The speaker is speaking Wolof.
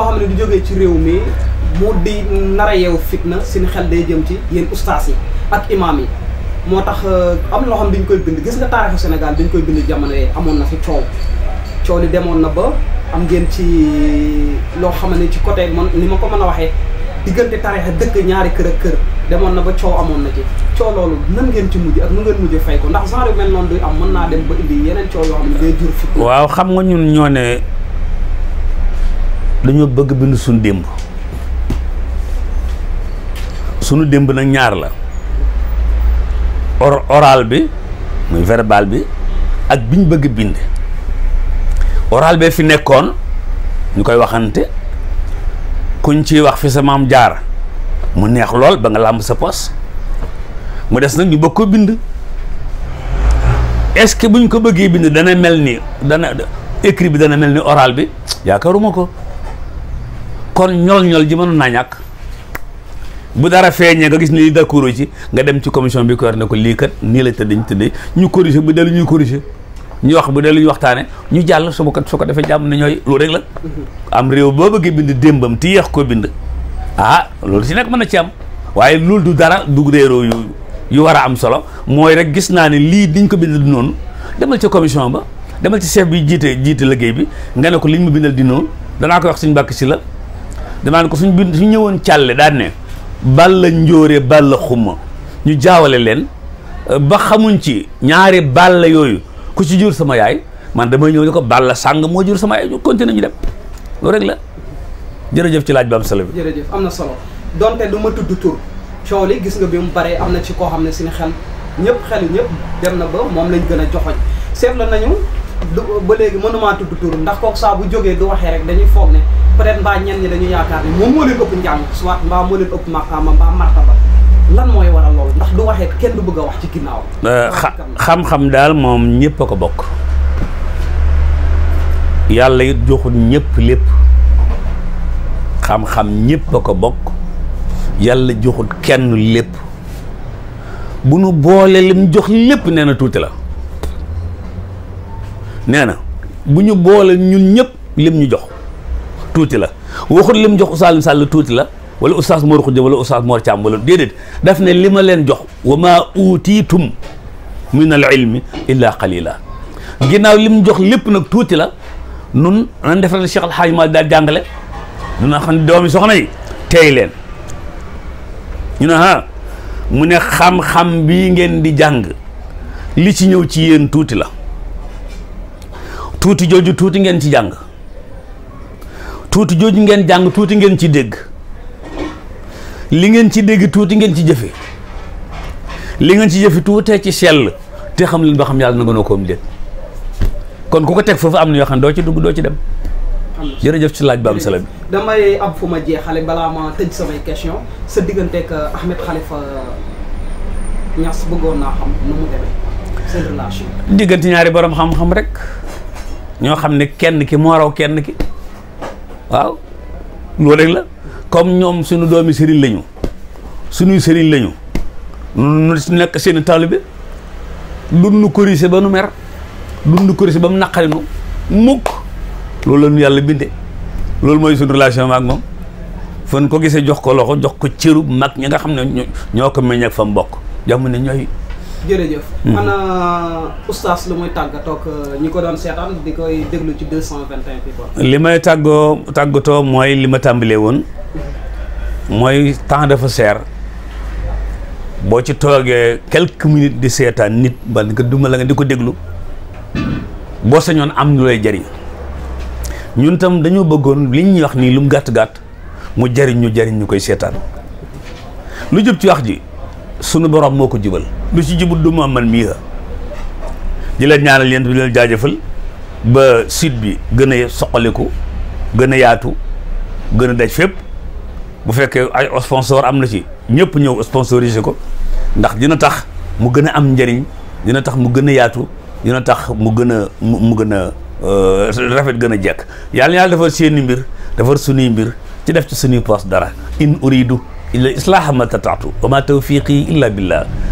loo xam ne du jógee ci réew mi mu di nara yeew fitna seen xel day jëm ci yéen ustaas yi ak imaam yi moo tax euh, am loo xam ne dañ koy bind gis nga taarixu Sénégal dañ koy bind jamono yi amoon na fi coow coow li demoon na ba am ngeen ci euh, loo xam ne ci côté man ni ma ko mën a waxee diggante tarixa dëkk ñaari kër ak kër demoon na ba coow amoon na ci coow loolu nan ngeen ci mujj ak nu ngeen mujj fay ko ndax genre yu mel noonu du am mën naa dem ba indi yeneen coow yoo xam jur fi waaw xam nga ñun ñoo ne dañoo bëgg bind suñu démb suñu démb nag ñaar la or oral bi muy verbal bi ak biñ bëgg bind oral bee fi nekkoon ñu koy waxante kuñ ciy wax fi sa maam jaar mu neex lool ba nga làmb sa pos mu des nag ñu bëgg ko bind est-ce que buñ ko bëggee bind dana mel ni dana écrit bi dana mel ni oral bi yaakaaruma ko kon ñol-ñol ji mënoon naa ñàkk bu dara feeñee nga gis ni li d'accord ci nga dem ci commission bi ko war ne ko lii kat nii la tëddee ñu tëddee ñu corriger bu dee ñuy corriger ñu wax bu dee lu ñu waxtaanee ñu jàll su ko su ko defee jàmm ne ñooy loolu la. am réew boo bëggee bind démbam ti yeex ko bind. ah loolu si nekk mën na ci am waaye loolu du dara du réeroo yu yu war a am solo mooy rek gis naa ne lii diñ ko bind du noonu demal ca commission ba demal ci chef bi jiite jiite liggéey bi nga ne ko liñ ma bindal di noonu danaa ko wax suñu bàkk si la. danaan ko suñ bind suñ ñëwoon càlle daan ne la njóore balla xuma ñu jaawale leen ba xamuñ ci ñaari la yooyu ku ci jur sama yaay man damay ñëw ne ko la sàng moo jur sama yaay ñu continuer ñu dem loolu rek la jërëjëf ci laaj bi am solo bi jërëjëf am na solo donte du ma tudd tur coow li gis nga bi mu baree am na ci koo xam ne suñu xel ñëpp xel ñëpp dem na ba moom lañ gën a joxoñ seetlu nañu ba léegi mënumaa tudd tur ndax kooku saa bu jógee du waxee rek dañuy foog ne peut-être mbaa ñenn ñi dañuy yaakaar ne moom moo leen ëpp njàng soit mbaa moo leen ëpp maqaama mbaa martaba lan mooy waral loolu ndax du waxee kenn du bëgg a wax ci ginnaaw euh, xam-xam daal moom ñëpp a ko bokk yàlla it joxul ñëpp lépp xam-xam ko bokk yàlla joxul kenn lépp bu nu boole lim jox lépp nee na tuuti la nee na bu ñu boole ñun ñëpp lim ñu jox tuuti la waxut lim jox Saalum Sall tuuti la wala Oustaz Mor Khoudia wala Oustaz Mor Thiam wala déedéet daf ne li ma leen jox wa maa uutiitum min al ilmi illaa qalila ginnaaw lim jox lépp nag tuuti la nun nan def na Cheikh Al daal jàngale ñu ne xam ne doomi soxna yi leen ñu ne mu ne xam-xam bi ngeen di jàng li ci ñëw ci yéen tuuti la tuuti jooju tuuti ngeen ci jàng tuuti jooju ngeen jàng tuuti ngeen ci dégg li ngeen ci dégg tuuti ngeen ci jëfe li ngeen ci jëfe tuutee ci sell te xam leen ba xam yàlla na gën a koom déet kon ku ko teg foofu am na yoo xam ne doo ci dugg doo ci dem jërëjëf ci laaj ba am solo bi damay am fu ma jeexale balaa ma tëj samay question sa diggante ak euh, Ahmed Khalifa euh, Niass bëggoon naa xam diggante ñaari borom xam-xam rek ñoo xam ne kenn ki moo raw kenn ki waaw loolu rek la comme ñoom suñu doomi sëriñ lañu suñuy sëriñ lañu nu nekk seen taalibe du nu corrigé ba nu mer du nu corrigé ba mu naqari nu mukk loolu la nu yàlla binde loolu mooy suñu relation ak moom fan ko gisee jox ko loxo jox ko cëru mag ñi nga xam ne ñoo ko meññ ak fa mu bokk jamono ñooy. jërëjëf. xanaa hmm. oustaz lu muy tàggatoo ak euh, ko doon seetaan di koy déglu ci 221 li may tàggoo tàggatoo mooy li ma tàmbalee woon mooy temps dafa seer boo ci toogee quelques minutes di seetaan nit ba nga duma la nga di ko déglu boo sañoon am lu lay jariñ ñun tam dañoo bëggoon li ñuy wax nii lu mu gàtt gàtt mu jariñ ñu jariñ ñu koy seetaan lu jub ci wax ji sunu borom moo ko jubal. lu si jubut du ma man mii la di leen ñaanal yéen di leen jaajëfal ba site bi gën a soqaliku gën a yaatu gën a daj fépp bu fekkee ay sponsor am na ci ñëpp ñëw sponsorisé ko ndax dina tax mu gën a am njëriñ dina tax mu gën a yaatu dina tax mu gën a mu gën a euh, rafet gën a jekk yàlla yàlla defar seeni mbir defar sunuy mbir ci def ci sunuy poos dara in uridu illa islaaha ma tataatu wa ma tawfiqi illa billah